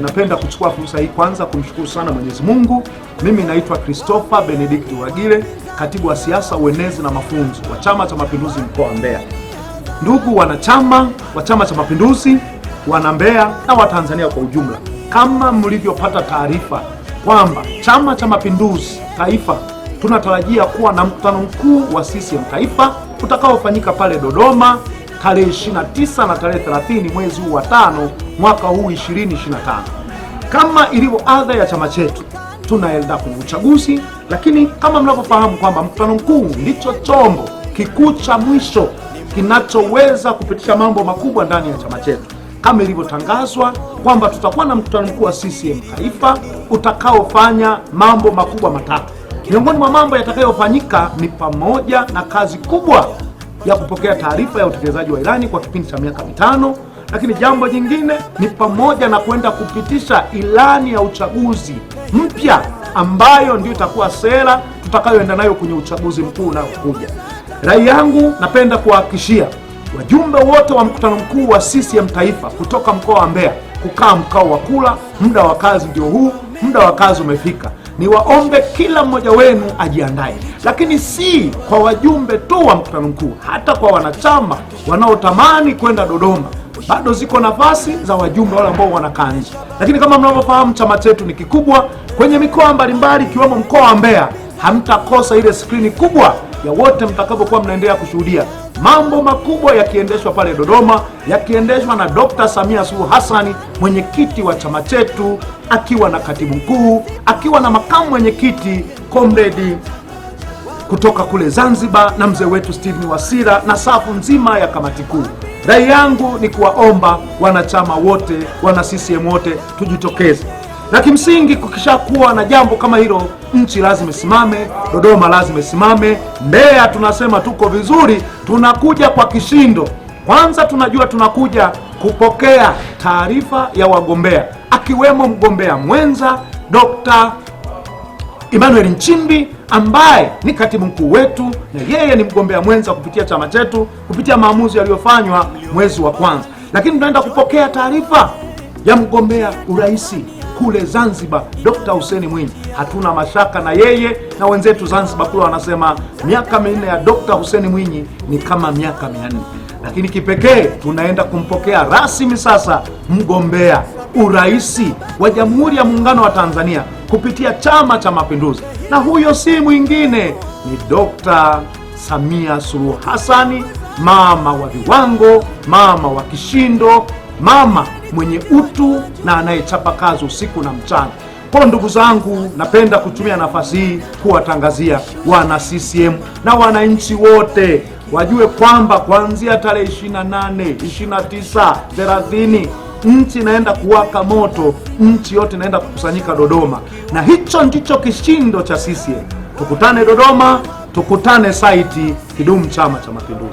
Napenda kuchukua fursa hii kwanza kumshukuru sana Mwenyezi Mungu. Mimi naitwa Christopher Benedict Wagile, katibu wa siasa, uenezi na mafunzo wa Chama cha Mapinduzi mkoa wa Mbeya. Ndugu wanachama wa Chama cha Mapinduzi, wana Mbeya na Watanzania kwa ujumla, kama mlivyopata taarifa kwamba Chama cha Mapinduzi taifa tunatarajia kuwa na mkutano mkuu wa CCM Taifa utakaofanyika pale Dodoma tarehe 29 na tarehe 30 mwezi huu wa tano mwaka huu 2025. Kama ilivyo adha ya chama chetu, tunaenda kwenye uchaguzi, lakini kama mnavyofahamu kwamba mkutano mkuu ndicho chombo kikuu cha mwisho kinachoweza kupitisha mambo makubwa ndani ya chama chetu, kama ilivyotangazwa kwamba tutakuwa na mkutano mkuu wa CCM Taifa utakaofanya mambo makubwa matatu. Miongoni mwa mambo yatakayofanyika ni pamoja na kazi kubwa ya kupokea taarifa ya utekelezaji wa ilani kwa kipindi cha miaka mitano, lakini jambo jingine ni pamoja na kwenda kupitisha ilani ya uchaguzi mpya ambayo ndio itakuwa sera tutakayoenda nayo kwenye uchaguzi mkuu unaokuja. Rai yangu, napenda kuwahakikishia wajumbe wote wa mkutano mkuu wa CCM taifa kutoka mkoa wa Mbeya kukaa mkao wa kula. Muda wa kazi ndio huu, muda wa kazi umefika niwaombe kila mmoja wenu ajiandae, lakini si kwa wajumbe tu wa mkutano mkuu, hata kwa wanachama wanaotamani kwenda Dodoma bado ziko nafasi za wajumbe wale ambao wanakaa nje, lakini kama mnavyofahamu chama chetu ni kikubwa kwenye mikoa mbalimbali ikiwemo mkoa wa Mbeya hamtakosa ile skrini kubwa ya wote mtakapokuwa mnaendelea kushuhudia mambo makubwa yakiendeshwa pale Dodoma, yakiendeshwa na Dr. Samia Suluhu Hassan, mwenyekiti wa chama chetu, akiwa na katibu mkuu, akiwa na makamu mwenyekiti komredi kutoka kule Zanzibar na mzee wetu Steven Wasira na safu nzima ya kamati kuu. Rai yangu ni kuwaomba wanachama wote, wana CCM wote, tujitokeze na kimsingi, kukisha kuwa na jambo kama hilo, nchi lazima isimame. Dodoma lazima isimame. Mbeya tunasema tuko vizuri, tunakuja kwa kishindo. Kwanza tunajua tunakuja kupokea taarifa ya wagombea akiwemo mgombea mwenza Dr. Emmanuel Nchimbi ambaye ni katibu mkuu wetu na yeye ni mgombea mwenza kupitia chama chetu kupitia maamuzi yaliyofanywa mwezi wa kwanza, lakini tunaenda kupokea taarifa ya mgombea urais kule Zanzibar, Dr. Hussein Mwinyi. Hatuna mashaka na yeye na wenzetu Zanzibar kule wanasema miaka minne ya Dr. Hussein Mwinyi ni kama miaka mia nne. Lakini kipekee tunaenda kumpokea rasmi sasa mgombea uraisi wa Jamhuri ya Muungano wa Tanzania kupitia Chama cha Mapinduzi, na huyo si mwingine ni Dr. Samia Suluhu Hassani, mama wa viwango, mama wa kishindo mama mwenye utu na anayechapa kazi usiku na mchana. Kwa ndugu zangu, napenda kutumia nafasi hii kuwatangazia wana CCM na wananchi wote wajue kwamba kuanzia tarehe 28, 29, 30 nchi inaenda kuwaka moto, nchi yote inaenda kukusanyika Dodoma, na hicho ndicho kishindo cha CCM. Tukutane Dodoma, tukutane saiti. Kidumu Chama cha Mapinduzi!